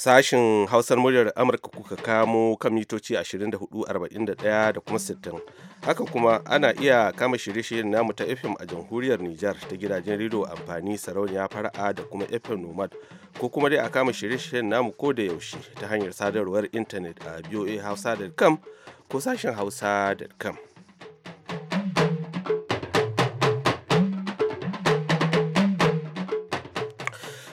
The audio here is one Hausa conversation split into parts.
Sashin Hausar muryar Amurka kuka kamo kan mitoci 24,41 da kuma 60. Haka kuma ana iya kama shirye-shiryen namu ta FM a jamhuriyar Nijar ta gidajen rediyo amfani sarauniya fara'a da kuma FM Nomad ko kuma dai a kama shirye-shiryen namu ko da yaushe ta hanyar sadarwar intanet a hausa.com ko sashen hausa.com.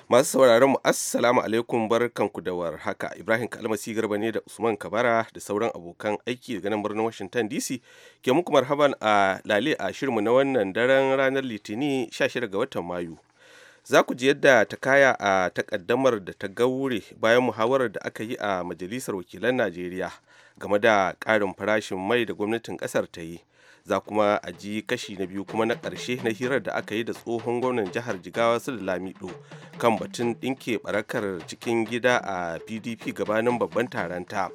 masu sauraron mu assalamu alaikum barkanku da haka ibrahim kalmasi garba ne da usman kabara da sauran abokan aiki daga nan birnin washington dc ke muku marhaban a lale a shirinmu na wannan daren ranar litinin 16 ga watan mayu za ku ji yadda ta kaya a takaddamar da ta gaure bayan muhawarar da aka yi a majalisar wakilan najeriya game da ƙarin farashin mai da gwamnatin ƙasar ta yi za kuma a ji kashi na biyu kuma na ƙarshe na hirar da aka yi da tsohon gwamnan jihar jigawa su lamido kan batun ɗinke barakar cikin gida a pdp gabanin babban taronta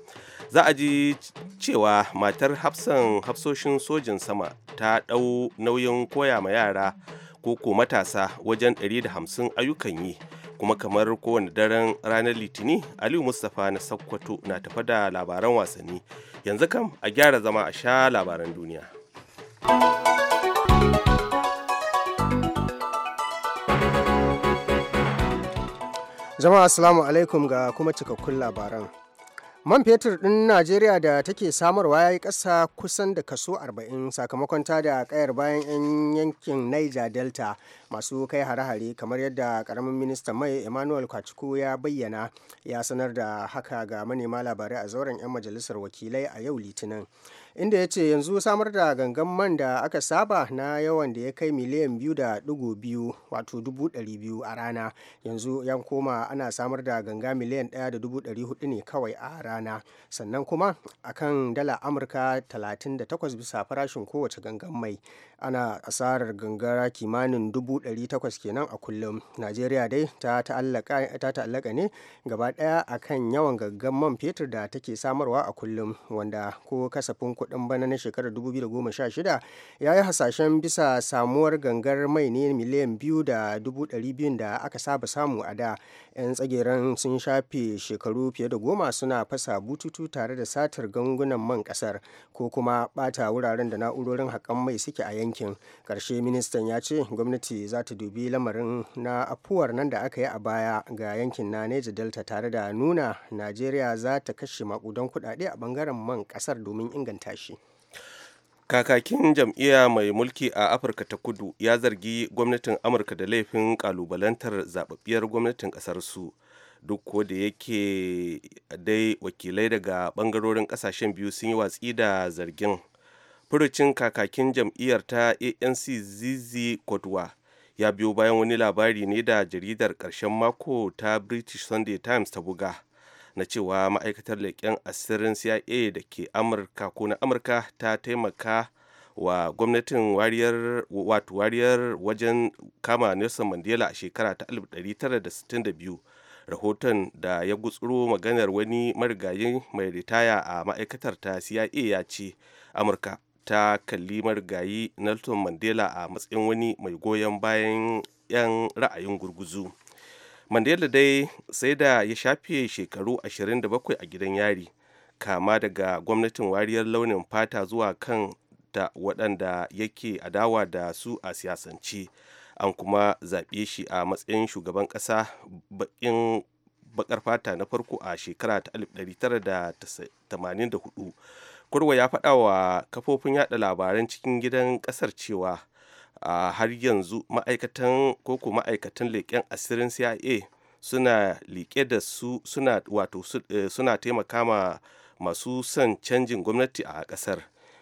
za a ji cewa matar hafsan hafsoshin sojin sama ta ɗau nauyin koya ma yara ko ko matasa wajen 150 ayyukan yi kuma kamar kowane daren ranar litini aliyu mustapha na sakkwato na tafa da labaran wasanni yanzu kam a gyara zama a sha labaran duniya Jama'a asalamu alaikum ga kuma cikakkun labaran. Man fetur ɗin Najeriya da take samarwa ya yi ƙasa kusan da kaso 40 sakamakon tada kayar bayan 'yan yankin Niger Delta masu kai hare-hare kamar yadda karamin ministan mai emmanuel kwaciko ya bayyana ya sanar da haka ga manema labarai a zauren 'yan majalisar wakilai a yau litinin inda ya ce yanzu samar da gangan man da aka saba na yawan da ya kai miliyan biyu da dugu biyu wato dubu ɗari biyu a rana yanzu yan koma ana samar da ganga miliyan ɗaya da dubu ɗari hudu ne kawai a rana sannan kuma akan dala amurka talatin da takwas bisa farashin kowace gangan mai ana asarar gangara kimanin 800 kenan a kullum najeriya dai ta ta'allaka ne gaba daya kan yawan gaggan man fetur da take samarwa a kullum wanda ko kasafin kuɗin bana na shekarar 2016 ya yi hasashen bisa samuwar gangar mai ne miliyan biyu da dubu ɗari biyun da aka saba samu a da 'yan tsageren sun shafe shekaru fiye da goma suna fasa bututu tare da satar gangunan man ƙasar ko kuma bata wuraren da na'urorin haƙan mai suke a yankin yankin karshe ministan ya ce gwamnati za ta dubi lamarin na afuwar nan da aka yi a baya ga yankin na neja delta tare da nuna najeriya za ta kashe makudan kudade a bangaren man kasar domin inganta shi kakakin jam'iyya mai mulki a afirka ta kudu ya zargi gwamnatin amurka da laifin kalubalantar zababbiyar gwamnatin kasar su duk ko da yake dai wakilai daga bangarorin kasashen biyu sun yi watsi da zargin furucin kakakin jam'iyyar ta anc zizi kodwa ya biyo bayan wani labari ne da jaridar karshen mako ta british sunday times ta buga na cewa ma'aikatar leƙen asirin cia da ke amurka ko na amurka ta taimaka wa gwamnatin wariyar wajen kama nelson mandela a shekara ta 1962 rahoton da ya gutsuro maganar wani marigayi mai ritaya a ma'aikatar ta cia ya ce amurka ta kalli marigayi nelson mandela a matsayin wani mai goyon bayan 'yan ra'ayin gurguzu mandela dai sai da ya shafe shekaru 27 a gidan yari kama daga gwamnatin wariyar launin fata zuwa kan da waɗanda yake adawa da su a siyasance an kuma zaɓe shi a matsayin shugaban ƙasa baƙin baƙar fata na farko a shekara ta 1984 kurwa ya faɗa wa kafofin yaɗa labaran cikin gidan ƙasar cewa har yanzu ma'aikatan koko ma'aikatan leƙen asirin cia suna liƙe da su suna wato eh, suna taimaka ma masu son canjin gwamnati a ƙasar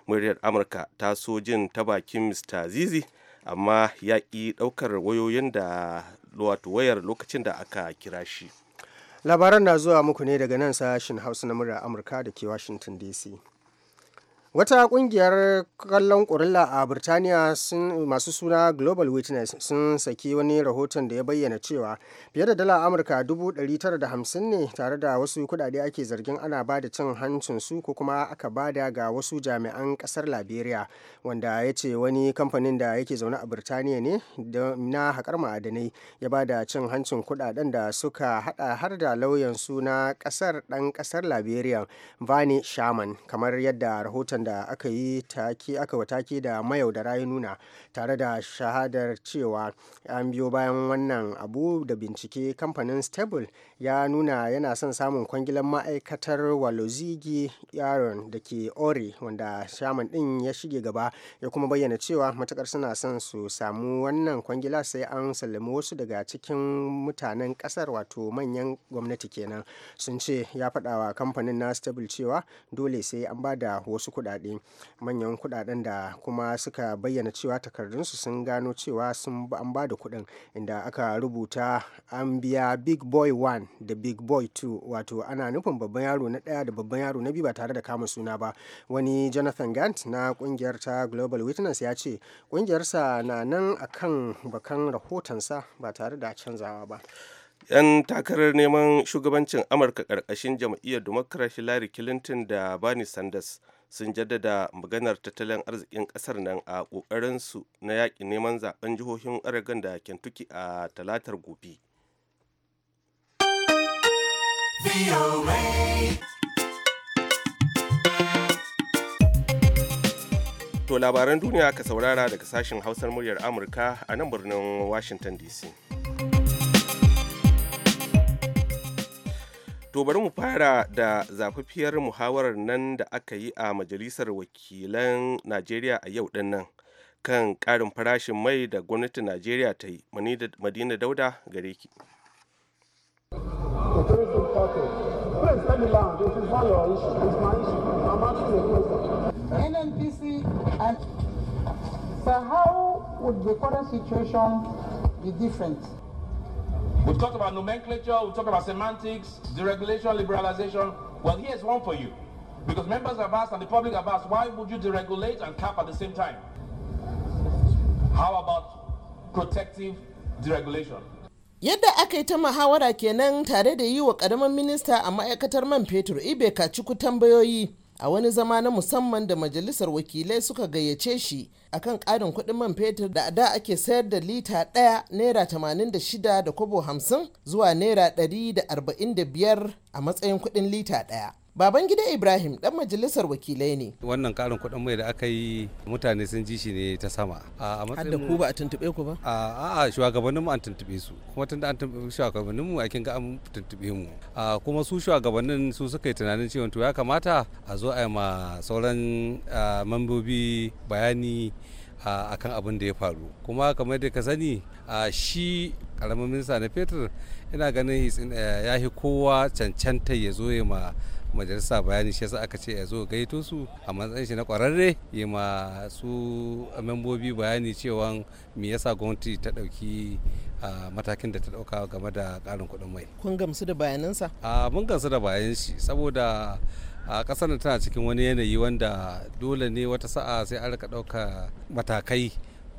muryar amurka ta so jin ta bakin mr zizi amma ya ƙi ɗaukar wayoyin da wato wayar lokacin da aka kira shi labaran na zuwa muku ne daga nan sashen hausa na murar amurka da ke washington dc wata kungiyar kallon kurilla a birtaniya masu suna global witness sun saki wani rahoton da ya bayyana cewa fiye da dala amurka 950 ne tare da wasu kudade ake zargin ana ba da cin hancin su ko kuma aka ba da ga wasu jami'an kasar liberia wanda ya ce wani kamfanin da yake zaune a birtaniya ne na haƙar ma'adanai ya ba da cin hancin kudaden da suka hada har da lauyan suna na kasar ɗan kasar liberia vani shaman kamar yadda rahoton da aka yi take aka wa da mayaudara ya nuna tare da shahadar cewa an biyo bayan wannan abu da bincike kamfanin stable ya nuna yana son samun kwangilan ma'aikatar walozigi yaron da ke ore wanda shaman din ya shige gaba ya kuma bayyana cewa matukar suna son su samu wannan kwangila sai an sallami wasu daga cikin mutanen kasar wato manyan gwamnati kenan sun ce ya faɗawa kamfanin na stable cewa dole sai an ba da wasu kuɗa kudade manyan kudaden da kuma suka bayyana cewa takardunsu sun gano cewa sun an ba da kudin inda aka rubuta an biya big boy 1 da big boy 2 wato ana nufin babban yaro na daya da babban yaro na biyu ba tare da kama suna ba wani jonathan gant na kungiyar ta global witness ya ce kungiyarsa na nan akan bakan rahotonsa ba tare da canzawa ba 'yan takarar neman shugabancin amurka ƙarƙashin jam'iyyar democrat hillary clinton da bernie sanders sun jaddada maganar tattalin arzikin kasar nan a ƙoƙarinsu na yaƙin neman zaben jihohin oregon da kentucky a talatar gobe to labaran duniya ka saurara daga sashen hausar muryar amurka a nan birnin washington dc To bari mu fara da zafafiyar muhawarar nan da aka yi a Majalisar Wakilan Najeriya a yau din nan kan ƙarin farashin mai da gwamnatin Najeriya ta yi. Madina Dauda gare ki. NNPC and so how would the current situation be different? We've talked about nomenclature, we've talked about semantics, deregulation, liberalization. Well, here's one for you. Because members have asked and the public have asked, why would you deregulate and cap at the same time? How about protective deregulation? Yadda aka yi muhawara kenan tare da yi wa ƙaramin minista a ma'aikatar man fetur Ibe Kacuku tambayoyi a wani zama na musamman da majalisar wakilai suka gayyace shi akan ƙarin kuɗin man fetur da a da ake sayar da lita ɗaya naira 86.50 kobo hamsin zuwa naira 145 a matsayin kuɗin lita ɗaya Baban gida Ibrahim dan majalisar wakilai ne. Wannan karin kuɗin mai da aka yi mutane sun ji shi ne ta sama. A matsayin ku ba a tuntube ku ba? A a shugabannin mu an tuntube su. Kuma tunda an tuntube shugabannin mu kin ga an tuntube mu. A kuma su shugabannin su suka yi tunanin cewa to ya kamata a zo a yi ma sauran mambobi bayani a kan abin da ya faru kuma kamar da ka sani shi karamin minista na fetur ina ganin eh, ya kowa cancanta ya zo ya ma majalisa bayani shi yasa aka ce ya zo gaito su a matsayin shi na kwararre ya ma membobi bayani cewa me yasa gwamnati ta dauki matakin da ta dauka game da karin kuɗin mai kun gamsu da bayanansa a mun gamsu da bayan shi saboda a kasar tana cikin wani yanayi wanda dole ne wata sa'a sai an rika dauka matakai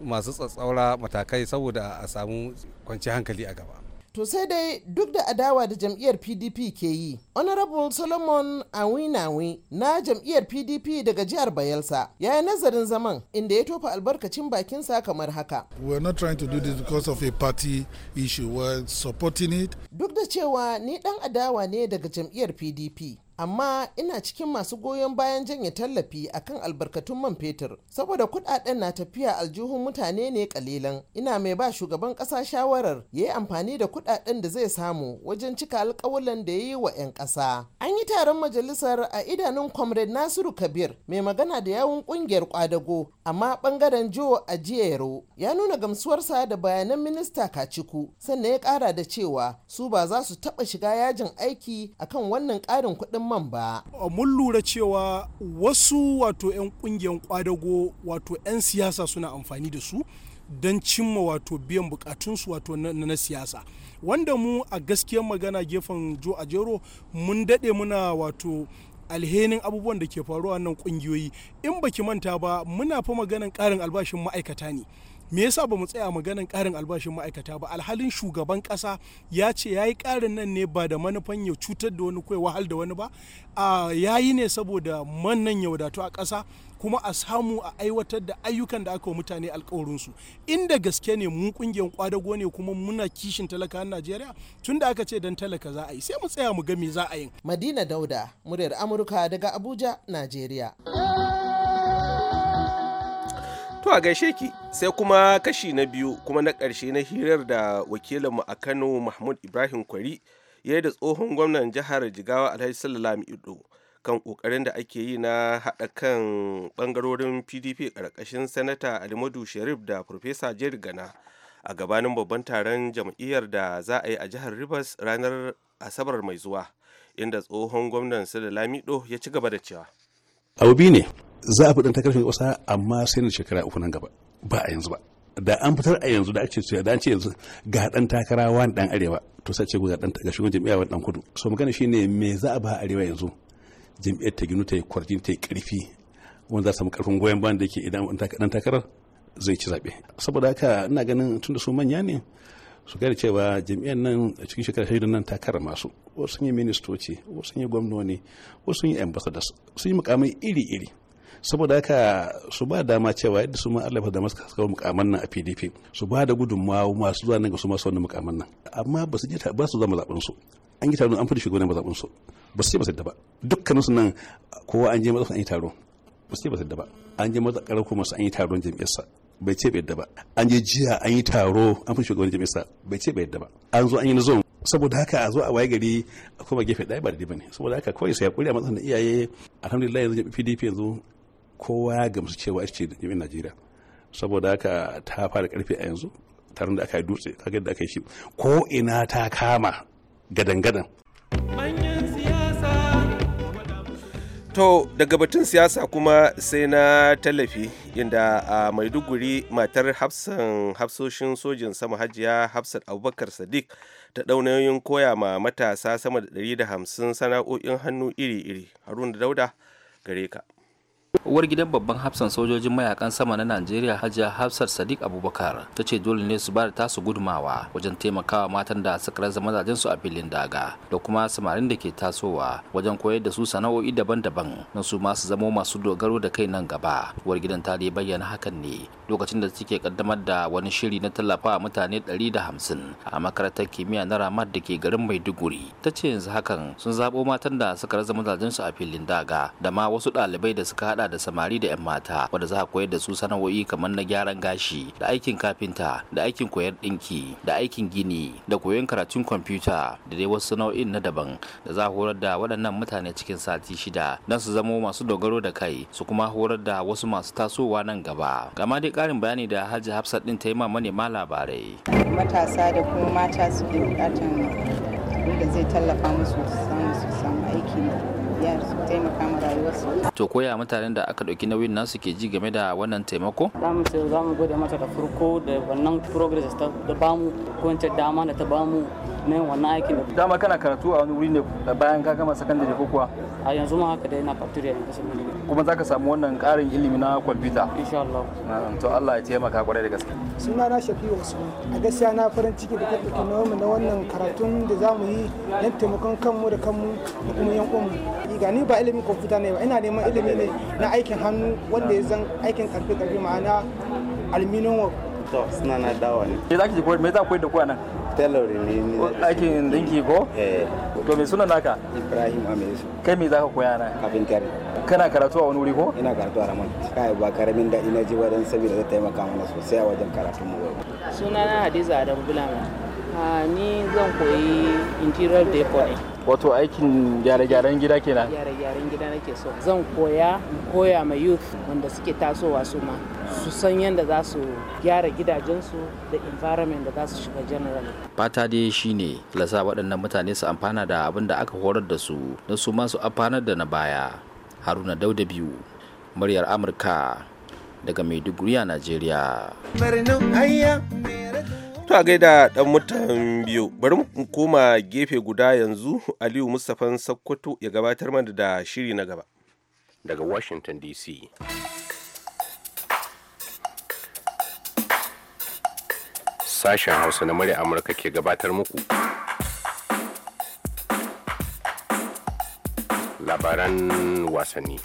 masu tsatsaura matakai saboda a samu kwanci hankali a gaba To sai dai duk da adawa da jam'iyyar PDP ke yi, Honorable Solomon Awinawi na jam'iyyar PDP daga jihar Bayelsa ya yi nazarin zaman inda ya tofa albarkacin bakinsa kamar haka. We are not trying to do this because of a party issue, we are supporting it. Duk da cewa ni dan adawa ne daga jam'iyyar PDP, amma ina cikin masu goyon bayan janye tallafi akan albarkatun man fetur saboda kudaden na tafiya aljihun mutane ne kalilan ina mai ba shugaban kasa shawarar ya yi amfani da kudaden da zai samu wajen cika alkawalan da ya yi wa 'yan kasa an yi taron majalisar a idanun comrade nasiru kabir mai magana da yawun kungiyar kwadago amma bangaren jo ajiyero ya nuna gamsuwarsa da bayanan minista kaciku sannan ya kara da cewa su ba za su taba shiga yajin aiki akan wannan karin kuɗin musamman ba. Uh, mun lura cewa wasu wato 'yan kungiyar kwadago wato 'yan siyasa suna amfani da su don cimma wato biyan bukatunsu wato na siyasa. Wanda mu a gaskiyar magana gefen Jo Ajero mun daɗe muna wato alhenin abubuwan da ke faruwa nan kungiyoyi in baki manta ba muna fa maganan ƙarin albashin ma'aikata ne. me yasa ba mu tsaya maganan karin albashin ma'aikata ba alhalin shugaban kasa ya ce ya yi karin nan ne ba da manufan ya cutar da wani kai wahal da wani ba ya yi ne saboda manan ya wadatu a kasa kuma a samu a aiwatar da ayyukan da aka wa mutane alkawarinsu inda gaske ne mun kungiyar kwadago ne kuma muna kishin talakawan najeriya tun da aka ce dan talaka za a yi sai mu tsaya mu ga me za a yi madina dauda muryar amurka daga abuja najeriya To a gaishe ki sai kuma kashi na biyu kuma na ƙarshe na hirar da wakilinmu a Kano Mahmud Ibrahim Kwari ya yi da tsohon gwamnan jihar Jigawa Alhaji Sallallahu Ido kan ƙoƙarin da ake yi na haɗa kan ɓangarorin PDP ƙarƙashin Sanata Alimadu Sharif da Farfesa Jerry Gana a gabanin babban taron jam'iyyar da za a yi a jihar Rivers ranar Asabar mai zuwa inda tsohon gwamnan Sallallahu Ido ya ci gaba da cewa. Abu ne za a fitar takardar ƙasa amma sai na shekara uku nan gaba ba a yanzu ba da an fitar a yanzu da ake ce da an ce yanzu ga dan takara wa dan arewa to sai ce ga dan ga jami'a wani dan kudu so magana shine me za a ba arewa yanzu jami'ar ta ginu ta yi kwarjin ta yi karfi wanda za samu karfin goyon bayan da yake idan dan takarar zai ci zaɓe. saboda haka ina ganin tunda su manya ne su gane cewa jami'an nan a cikin shekara shaidu nan takara masu wasu sun yi ministoci wasu sun yi gwamnoni wasu sun yi ambassadors sun yi mukamai iri-iri saboda haka su ba dama cewa yadda su ma Allah da masu kawo mukamman nan a PDP su ba da gudunmawa masu zuwa nan ga su masu wannan mukamman nan amma ba su je ba su zama zaɓen su an yi taron an fi shugaban zaɓen su ba su ce ba su ba dukkanin su nan kowa an je mazaɓin an yi taro ba su ce ba su ba an je mazaɓin kuma su an yi taron jam'iyyarsa bai ce bai yadda ba an je jiya an yi taro an fi shugaban jam'iyyarsa bai ce bai yadda ba an zo an yi nazo saboda haka a zo a waye gari a kuma gefe ɗaya ba da ne saboda haka kawai sai ya kuri a matsayin iyaye alhamdulillah yanzu pdp yanzu kowa ya gamsu cewa ita ce jami'in najeriya saboda haka ta fara karfe a yanzu taron da aka yi dutse kaga aka yi shi ko ina ta kama gadan-gadan To daga batun siyasa kuma sai na tallafi inda a Maiduguri matar hafsan hafsoshin sojin sama hajiya Hafsat Abubakar Sadiq ta daunayoyin koya ma matasa sama da 150 sana'o'in hannu iri-iri. Haruna Dauda gare ka. uwar gidan babban hafsan sojojin mayakan sama na najeriya hajiya hafsar sadiq abubakar ta ce dole ne su ba da tasu gudumawa wajen taimakawa matan da suka rasa mazajen su a filin daga da kuma samarin da ke tasowa wajen koyar da su sana'o'i daban-daban na su masu zamo masu dogaro da kai nan gaba uwar gidan ta dai bayyana hakan ne lokacin da suke kaddamar da wani shiri na tallafa wa mutane 150 a makarantar kimiyya na ramad da ke garin maiduguri ta ce yanzu hakan sun zabo matan da suka rasa mazajen su a filin daga da ma wasu ɗalibai da suka haɗa hada da samari da 'yan mata wanda za a koyar da su sana'o'i kamar na gyaran gashi da aikin kafinta da aikin koyar dinki da aikin gini da koyon karatun kwamfuta da dai wasu sana'o'in na daban da za a horar da waɗannan mutane cikin sati shida don su zamo masu dogaro da kai su kuma horar da wasu masu tasowa nan gaba gama dai ƙarin bayani da hajji hafsat ɗin ta yi ma manema labarai matasa da kuma mata su da bukatan da zai tallafa musu shi To koya mutanen da aka ɗauki nauyin nasu ke ji game da wannan taimako? Za mu ce za mu gode mata da farko da wannan progress ta bamu ko dama da ta bamu na yin wannan aikin. Dama kana karatu a wani wuri ne bayan ka gama sakandare ko kuwa? a yanzu ma haka dai na factory ne kasar Maiduguri kuma zaka samu wannan karin ilimi na kwamfuta insha Allah to Allah ya taimaka kwarai da gaske suna na Shafi'u su a gaskiya na farin ciki da kake mu na wannan karatun da zamu yi don taimakon kanmu da kanmu da kuma yan uwanmu ga ni ba ilimin kwamfuta ne ba ina neman ilimi ne na aikin hannu wanda ya zan aikin karfe karfe ma'ana aluminium work to suna na dawa ne me zaki koyar me za ku koyar da ku nan tailor ne ni aikin dinki ko eh to me sunan naka Ibrahim Amesu kai me zaka koya na carpenter kana karatu a wani wuri ko ina karatu a Ramat kai ba karamin da ina ji wajen saboda zai taimaka mana sosai a wajen karatu mu sunana Hadiza Adam Bulama ah, ni zan koyi interior decor wato aikin gyare-gyaren gida kenan gyare-gyaren gida nake so zan koya koya ma youth wanda suke tasowa su ma su san yadda za su gyara gidajensu da environment da za su shiga general fata dai shine lasa waɗannan mutane su amfana da abin da aka horar da su na su ma su amfanar da na baya haruna dauda biyu muryar amurka daga maiduguri a najeriya ta gaida ɗan mutan biyu bari mu koma gefe guda yanzu aliyu mustafan sakkwato ya gabatar mana da shiri na gaba daga washington dc sashen hausa na murya amurka ke gabatar muku labaran wasanni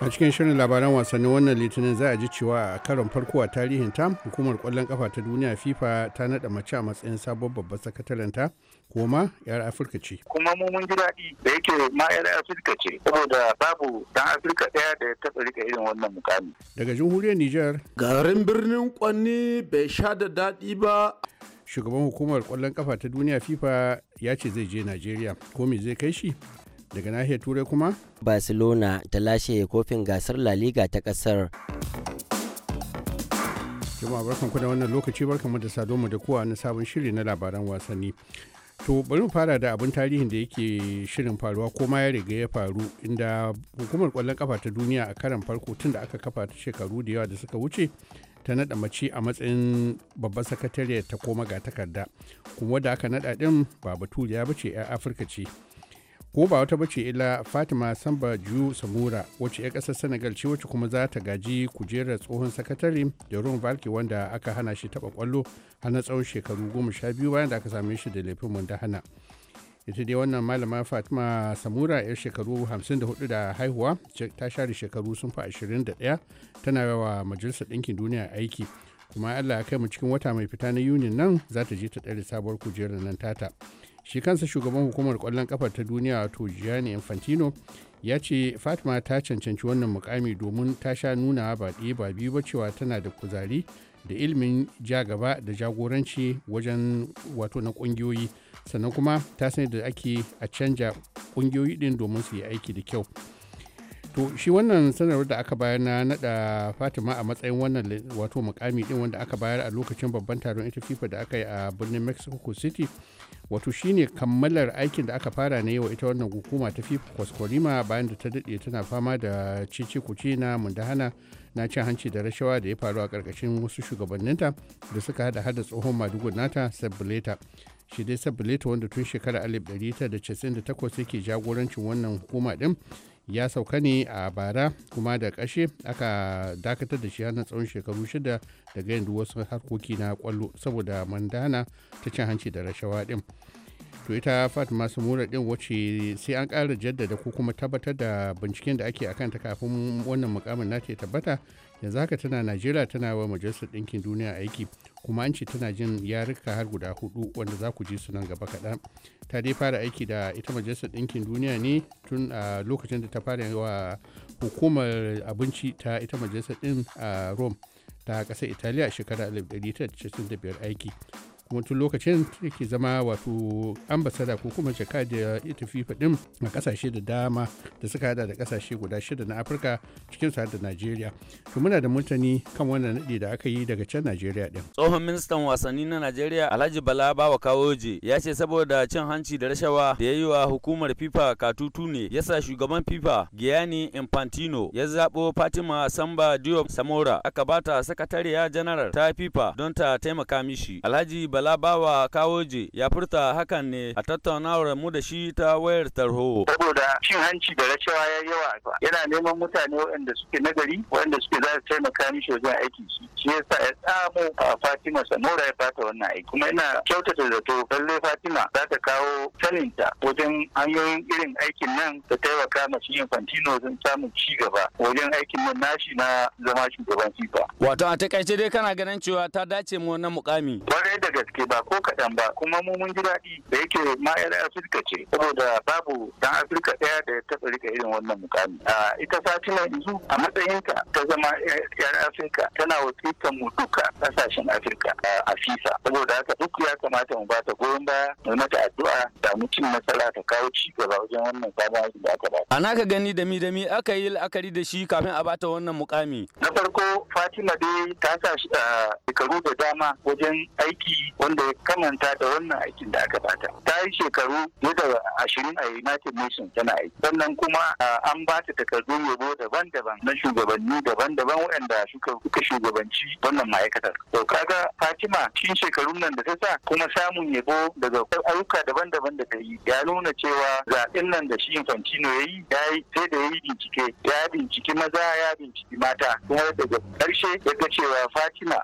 a cikin shirin labaran wasannin wannan litinin za a ji cewa a karon farko a tarihin ta hukumar kwallon kafa ta duniya fifa ta naɗa mace a matsayin sabon babban sakataren ta kuma yar afirka ce kuma mu mun ji daɗi da yake ma yar afirka ce saboda babu dan afirka ɗaya da ya taɓa rika irin wannan mukami daga jamhuriyar niger garin birnin kwanni bai sha da daɗi ba shugaban hukumar kwallon kafa ta duniya fifa ya ce zai je najeriya ko me zai kai shi daga nahiyar turai kuma barcelona ta lashe kofin gasar la liga ta kasar jama'a barkan ku da wannan lokaci barkan mu da sado mu da kowa na sabon shiri na labaran wasanni to bari mu fara da abin tarihin da yake shirin faruwa ko ma ya riga ya faru inda hukumar kwallon kafa ta duniya a karan farko tun da aka kafa ta shekaru da yawa da suka wuce ta naɗa mace a matsayin babban sakatare ta koma ga takarda kuma da aka naɗa din ba baturiya ba ce 'yan afirka ce ko ba wata bace ila fatima samba samura wacce 'yan ƙasar senegal ce wacce kuma za ta gaji kujerar tsohon sakatare da ruwan valki wanda aka hana shi taba kwallo har na tsawon shekaru goma sha biyu bayan da aka same shi da laifin hana ita dai wannan malama fatima samura yar shekaru 54 da haihuwa ta share shekaru sun fi 21 tana yawa majalisar ɗinkin duniya aiki kuma allah ya kai mu cikin wata mai fita na yunin nan za ta je ta ɗare sabuwar kujerar nan tata shi kansa shugaban hukumar kwallon kafa ta duniya wato gianni infantino ya ce fatima ta cancanci wannan mukami domin ta sha nuna ba ɗaya ba biyu ba cewa tana da kuzari da ilimin ja gaba da jagoranci wajen wato na ƙungiyoyi sannan kuma ta sani da ake a canja ƙungiyoyi din domin su yi aiki da kyau to shi wannan sanarwar da aka bayar na nada fatima a matsayin wannan wato mukami din wanda aka bayar a lokacin babban taron ita fifa da aka yi a birnin mexico city wato shine kammalar aikin da aka fara na wa ita wannan hukuma ta fifa kwaskwarima bayan da ta daɗe tana fama da cici kuci na mundahana na cin hanci da rashawa da ya faru a karkashin wasu shugabanninta da suka hada hada tsohon madugun nata sabuleta shi dai sabuleta wanda tun shekarar 1998 yake jagorancin wannan hukuma din ya sauka ne a bara kuma da kashe aka dakatar da shi har na tsawon shekaru shida daga yanzu wasu harkoki na kwallo saboda mandana ta cin hanci da rashawa din to ita fatima samura din wacce sai an ƙara jaddada ko kuma tabbatar da binciken da ake akan ta kafin wannan mukamin nata tabbata yanzu haka tana najeriya tana wa majalisar ɗinkin duniya aiki kuma an ce tana jin yarika har guda hudu wanda za ku ji su nan gaba kaɗan ta dai fara aiki da ita majalisar ɗinkin duniya ne tun a lokacin da ta fara wa hukumar abinci ta ita majalisar ɗin a rome ta ƙasar italiya shekara 1995 aiki kuma tun lokacin yake zama wato ambasada ko kuma jakadiyar ita fifa din a kasashe da dama da suka hada da kasashe guda shida na afirka cikin su da najeriya to muna da mutane kan wannan naɗi da aka yi daga can najeriya din tsohon ministan wasanni na najeriya alhaji bala bawa kawoje ya ce saboda cin hanci da rashawa da ya yi wa hukumar fifa katutu ne ya sa shugaban fifa Giyani infantino ya zaɓo fatima samba diop samora aka bata sakatariya janaral ta fifa don ta taimaka mishi alhaji Bala Bawa Kawoje ya furta hakan ne a tattaunawar mu da shi ta wayar tarho. Saboda cin hanci da rashawa ya yi yawa yana neman mutane waɗanda suke nagari waɗanda suke za su taimaka mishi wajen aiki shi. Shi yasa ya tsamo a Fatima Sanora ya fata wannan aiki. Kuma ina kyautata zato lalle Fatima za ta kawo saninta wajen hanyoyin irin aikin nan da taimaka ma shi Infantino don samun ci gaba wajen aikin nan nashi na zama shugaban FIFA. Wato a takaice dai kana ganin cewa ta dace mu wannan mukami. Kwarai da gaske ba ko kaɗan ba kuma mu mun ji daɗi da yake ma yar afirka ce saboda babu dan afirka ɗaya da ya taɓa rika irin wannan mukami a ita fatima yanzu a matsayinka ta zama yar afirka tana wakiltar mu duka ƙasashen afirka a fisa saboda haka duk ya kamata mu ba ta goyon baya mu mata addu'a da mu cin matsala ta kawo ci gaba wajen wannan sabon aikin da aka ba. a naka gani dami dami aka yi la'akari da shi kafin a bata wannan mukami. na farko fatima dai ta sa shekaru da dama wajen aiki wanda ya kamanta da wannan aikin da aka bata ta yi shekaru fiye da ashirin a united nations tana aiki sannan kuma an ba ta takardun yabo daban-daban na shugabanni daban-daban waɗanda suka shugabanci wannan ma'aikatar to kaga fatima cikin shekarun nan da ta sa kuma samun yabo daga ayyuka daban-daban da ta yi ya nuna cewa zaɓen nan da shi infantino ya yi ya yi sai da ya yi bincike ya binciki maza ya binciki mata kuma daga ƙarshe ya ga cewa fatima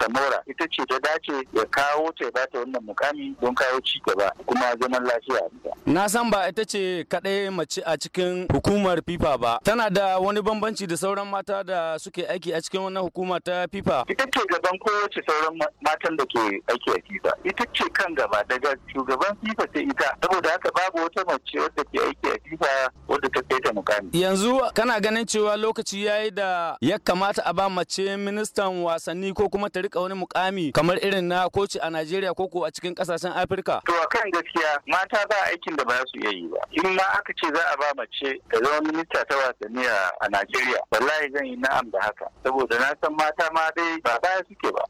samora ita ce ta dace ya kawo kawo ta ba ta wannan mukami don kawo ci gaba kuma zaman lafiya na san ba ita ce kaɗai mace a cikin hukumar fifa ba tana da wani bambanci da sauran mata da suke aiki a cikin wannan hukuma ta fifa ita ce gaban kowace sauran matan da ke aiki a fifa ita ce kan gaba daga shugaban fifa sai ita saboda haka babu wata mace wadda ke aiki a fifa wadda ta kai ta mukami yanzu kana ganin cewa lokaci yayi da ya kamata a ba mace ministan wasanni ko kuma ta rika wani mukami kamar irin na koci a Najeriya ko ko a cikin kasashen Afirka? To a kan gaskiya mata ba aikin da ba su iya yi ba. In ma aka ce za a ba mace ta zama minista ta wasanni a Najeriya wallahi zan yi na'am da haka saboda na san mata ma dai ba baya suke ba.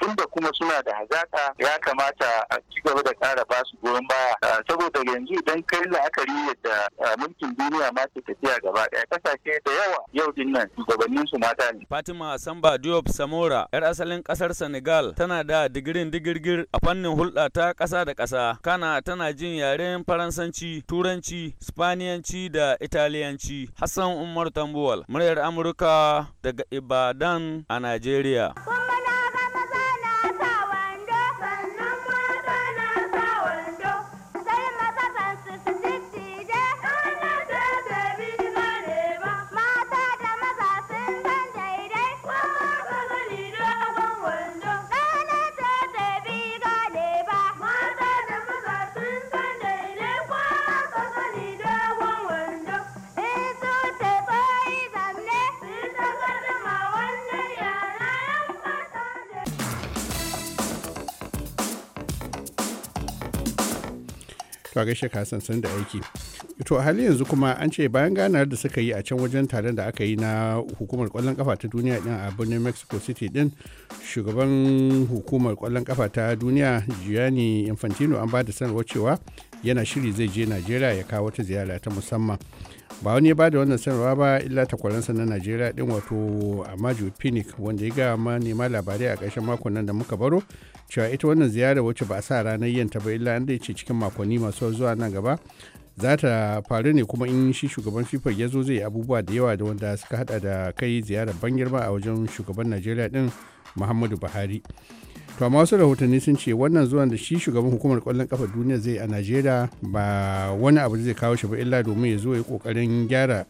Tun da kuma suna da hazaka ya kamata a ci gaba da ƙara ba su goyon baya saboda yanzu idan kai la'akari yadda mulkin duniya ma ke tafiya gaba ɗaya kasashe da yawa yau din nan shugabanninsu mata ne. Fatima Samba Diop Samora 'yar asalin ƙasar Senegal tana da digirin digirin girgir a fannin hulɗa ta ƙasa da ƙasa. Kana tana jin yaren Faransanci, Turanci, Spaniyanci da Italiyanci. Hassan Umar Tambuwal, muryar Amurka daga Ibadan a Najeriya. to gaishe ka san da aiki to a hali yanzu kuma an ce bayan ganar da suka yi a can wajen taron da aka yi na hukumar kwallon kafa ta duniya din a birnin mexico city din shugaban hukumar kwallon kafa ta duniya gianni infantino an ba da sanarwa cewa yana shiri zai je najeriya ya kawo ta ziyara ta musamman ba wani ba da wannan sanarwa ba illa takwaransa na najeriya din wato amaju phoenix wanda ya ga manema labarai a ƙarshen makon nan da muka baro cewa ita wannan ziyara wacce ba a sa ranar yin ta ba illa an dai ce cikin makonni masu zuwa nan gaba za ta faru ne kuma in shi shugaban fifa ya zo zai abubuwa da yawa da wanda suka hada da kai ziyarar ban girma a wajen shugaban najeriya din muhammadu buhari to amma wasu rahotanni sun ce wannan zuwan da shi shugaban hukumar kwallon kafa duniya zai a najeriya ba wani abu zai kawo shi ba illa domin ya zo ya kokarin gyara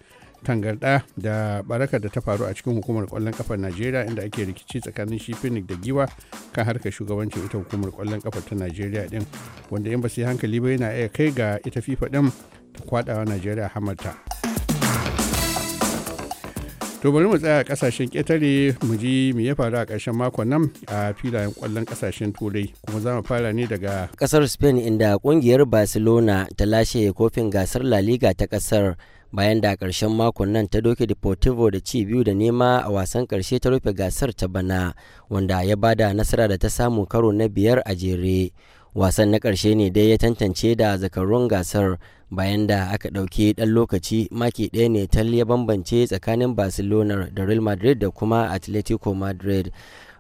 tangarɗa da barakar da ta faru a cikin hukumar kwallon kafar najeriya inda ake rikici tsakanin shi phoenix da giwa kan harkar shugabancin ita hukumar kwallon kafar ta najeriya din wanda in ba su yi hankali ba yana iya kai ga ita fifa din ta kwadawa najeriya hamarta to bari mu tsaya kasashen ƙetare mu ji mu ya faru a ƙarshen makon nan a filayen ƙwallon ƙasashen turai kuma za mu fara ne daga ƙasar spain inda ƙungiyar barcelona ta lashe kofin gasar la liga ta ƙasar bayan da a ƙarshen makon nan ta doke deportivo da ci biyu da nema a wasan ƙarshe ta rufe gasar ta bana wanda ya bada nasara da ta samu karo na biyar a jere wasan na ƙarshe ne dai ya tantance da zakarun gasar bayan da aka ɗauki ɗan lokaci maki ɗaya ne tal ya bambance tsakanin barcelona da real madrid da kuma atletico madrid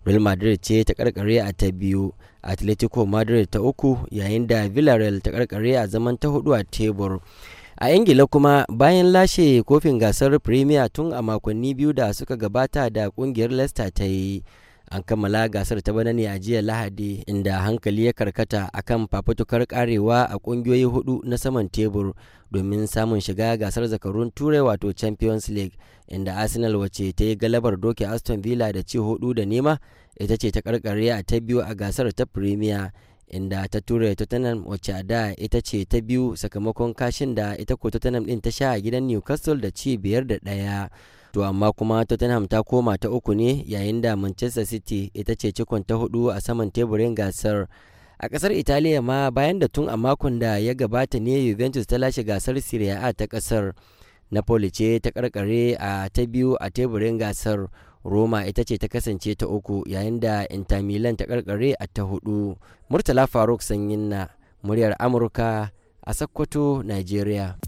real madrid ce ta karkare a ta biyu atletico madrid ta uku yayin da villarreal ta karkare a zaman ta hudu a tebur a ingila kuma bayan lashe kofin gasar premier tun a makonni biyu da suka gabata da kungiyar leicester ta yi an kammala gasar ta bana ne a jiya lahadi inda hankali ya karkata a kan fafutukar karewa a kungiyoyi hudu na saman tebur domin samun shiga gasar zakarun turai wato champions league inda arsenal wace ta yi galabar doke aston villa da ci hudu da nema ita ce ta karkare a ta biyu a gasar ta premier inda ta Turai tottenham wacce a da ita ce ta biyu sakamakon kashin da ita ko tottenham din ta sha a gidan newcastle da ci biyar da ɗaya to amma kuma tottenham ta koma ta uku ne yayin da manchester city ita ce cikon ta hudu a saman teburin gasar a kasar italiya ma bayan da tun a makon da ya gabata ne juventus ta lashe gasar serie a ta kasar napoli ce ta karkare a ta biyu a teburin gasar roma ita ce ta kasance ta uku yayin da inter milan ta karkare a ta hudu murtala faruk sanyin na muryar amurka a Sokoto, nigeria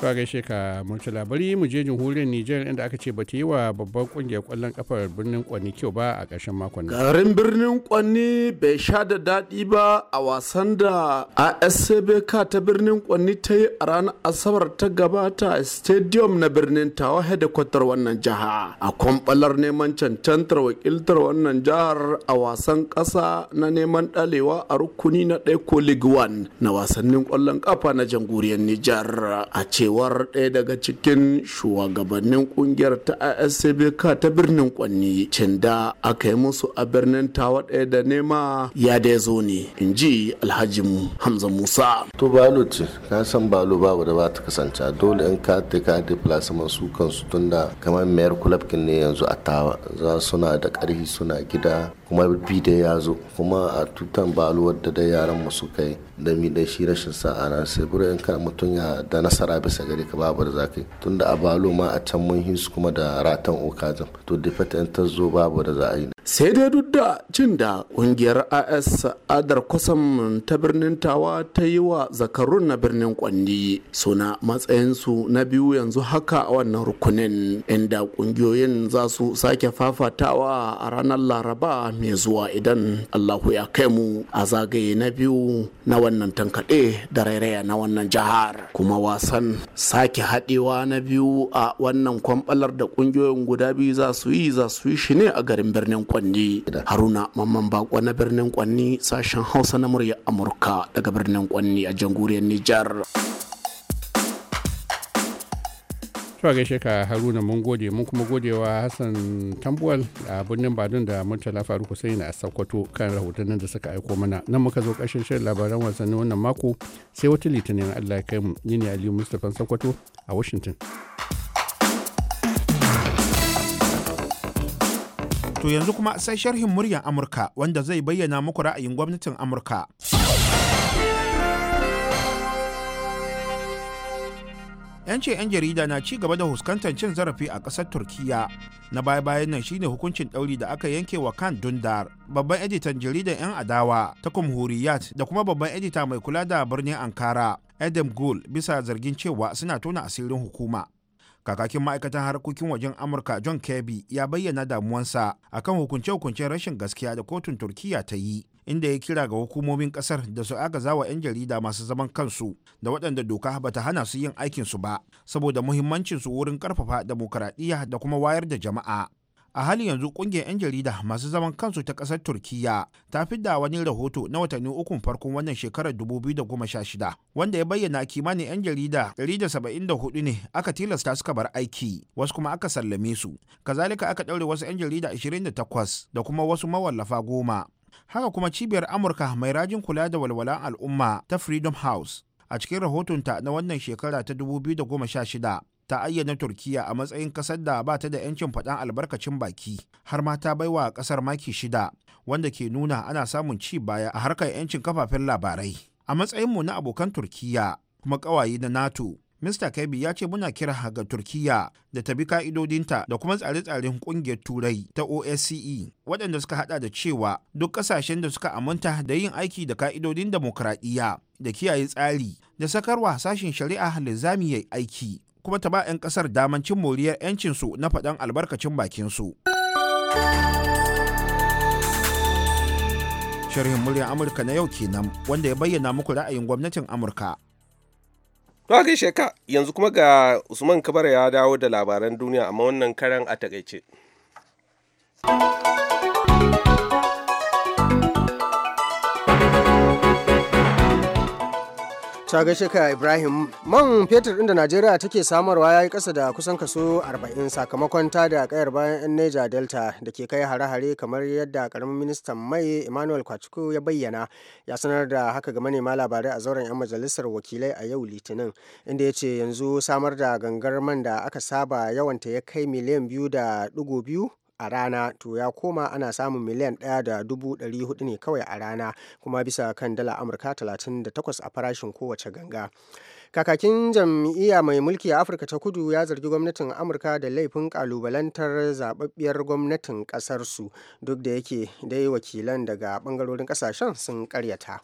to gaishe ka murtala labari mu je jamhuriyar niger inda aka ce bata yi wa babban kungiyar kwallon kafar birnin kwanni kyau ba a ƙarshen makon nan garin birnin Kwani bai sha da daɗi ba a wasan da asbk ta birnin kwanni ta yi a ranar asabar ta gabata a stadium na birnin tawa hedikwatar wannan jiha a kwamɓalar neman cancantar wakiltar wannan jihar a wasan ƙasa na neman ɗalewa a rukuni na ɗaya league one na wasannin kwallon kafa na jamhuriyar niger a ce cewar ɗaya daga cikin shugabannin kungiyar ta ISCBK ta birnin Kwanni cinda aka yi musu a birnin tawa ɗaya da nema ya da zo ne in ji Alhaji Hamza Musa. To balo ce ka san balo babu da ba ta kasance dole in ka ta ka plasma su kansu da kamar mayar kulabkin ne yanzu a tawa za suna da ƙarfi suna gida kuma bi da ya zo kuma a tutan baluwar da da yaran mu su kai da mi da shi rashin sa'a na sai in ka mutum ya da nasara bisa a gare ka babu da ka yi tunda a balo ma a can mun hisu kuma da ratan okazam to defect in ta zo babu da za a yi sai dai duk da cin da kungiyar as adar kusan ta birnin tawa ta yi wa zakarun na birnin Kwandi, suna matsayinsu na biyu yanzu haka a wannan rukunin inda kungiyoyin za su sake fafatawa a ranar laraba mai zuwa idan allahu ya kai mu a zagaye na biyu na wannan tankaɗe da rairaya na wannan jihar kuma wasan sake haɗewa na biyu a wannan kwamɓalar da kungiyoyin guda biyu za su yi za su yi shi ne a garin birnin kwanni da haruna mamman bako na birnin kwanni sashen hausa na murya amurka daga birnin kwanni a jamhuriyar nijar tuwa gaishe ka haruna mun gode mun kuma godewa hassan tambuwal a birnin badun da murtala faru hussein a sokoto kan rahotannin da suka aiko mana nan muka zo ƙarshen shirin labaran wasanni wannan mako sai wata litinin allah ya kai mu ni ne aliyu mustapha sokoto a washington To yanzu kuma sai sharhin muryar Amurka wanda zai bayyana muku ra'ayin gwamnatin Amurka. Yancin 'yan jarida na ci gaba da huskantar cin zarafi a ƙasar Turkiyya. Na baya-bayan nan shine hukuncin ɗauri da aka yanke wa kan Dundar, babban editan jaridar 'yan adawa ta Kumhuriyat da kuma babban edita mai kula da birnin Ankara, Adam gul bisa zargin cewa suna tona asirin hukuma. kakakin ma'aikatan harkokin wajen amurka john kirby ya bayyana damuwansa akan hukunce-hukuncen rashin gaskiya da kotun turkiya ta yi inda ya kira ga hukumomin kasar da su agaza wa 'yan jarida masu zaman kansu da waɗanda doka ba ta hana su yin aikinsu ba saboda muhimmancinsu wurin karfafa demokaradiyya da kuma wayar da jama'a a halin yanzu kungiyar 'yan jarida masu zaman kansu ta kasar Turkiyya, ta fi da wani rahoto na watanni ukun farkon wannan shekarar 2016 wanda ya bayyana kimanin 'yan jarida 174 ne aka tilasta suka bar aiki wasu kuma aka sallame su kazalika aka ɗaure wasu 'yan jarida 28 da kuma wasu mawallafa goma haka kuma cibiyar amurka mai rajin kula da walwalan al'umma ta freedom house a cikin rahotonta na wannan shekara ta 2016 ta ayyana turkiya a matsayin kasar da ba ta da 'yancin faɗan albarkacin baki har ma ta baiwa ƙasar maki shida wanda ke nuna ana samun ci baya a harkar 'yancin kafafen labarai a matsayin mu na abokan turkiya kuma ƙawaye na nato mista kebi ya ce muna kira ga turkiya da ta bi ka'idodinta da kuma tsare-tsaren kungiyar turai ta osce waɗanda suka hada da cewa duk ƙasashen da suka aminta da yin aiki da ka'idodin demokradiyya da kiyaye tsari da sakarwa sashen shari'a linzami ya aiki kuma ta ba 'yan kasar daman cin moriyar 'yancinsu na faɗan albarkacin bakinsu. Sharhin muryar Amurka na yau kenan wanda ya bayyana muku ra'ayin gwamnatin Amurka. To a gaishe ka yanzu kuma ga Usman kabara ya dawo da labaran duniya amma wannan karan a takaice. ta gaishe ibrahim man fetur inda najeriya take samarwa ya yi kasa da kusan kaso 40 sakamakon ta da kayar bayan yan neja delta da ke kai hare-hare kamar yadda karamin ministan mai emmanuel kwachuku ya bayyana ya sanar da haka ga manema labarai a zauren yan majalisar wakilai a yau litinin inda ya ce yanzu samar da gangar man da aka saba yawanta ya kai miliyan biyu da dugu biyu a rana to ya koma ana samun miliyan ɗaya da dubu ɗari hudu ne kawai a rana kuma bisa kan dala amurka talatin da takwas a farashin kowace ganga kakakin jam'iyya mai mulki a afirka ta kudu ya zargi gwamnatin amurka da laifin kalubalantar zababbiyar gwamnatin kasarsu duk da yake dai wakilan daga bangarorin kasashen sun karyata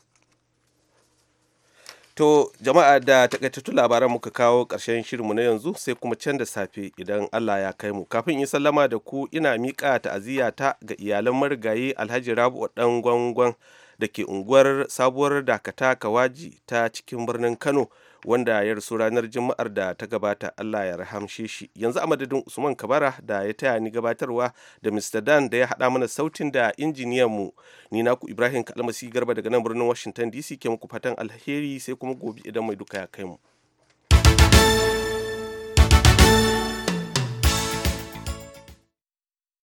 To jama'a da takaitattun labaran muka kawo ƙarshen shirinmu na yanzu sai kuma can da safe idan Allah ya kai mu. Kafin yi sallama da ku ina miƙa ta'aziyya ta ga iyalan marigayi Alhaji Rabu ɗan gwangwan da ke unguwar sabuwar dakata Kawaji ta cikin birnin Kano. wanda ya rasu ranar juma'ar da ta gabata allah ya rahamshe shi yanzu a madadin usman kabara da ya taya ni gabatarwa da mr dan da ya haɗa mana sautin da injiniyan mu ni ku ibrahim kalmasi garba daga nan birnin washington dc ke muku fatan alheri sai kuma gobe idan mai duka ya kai mu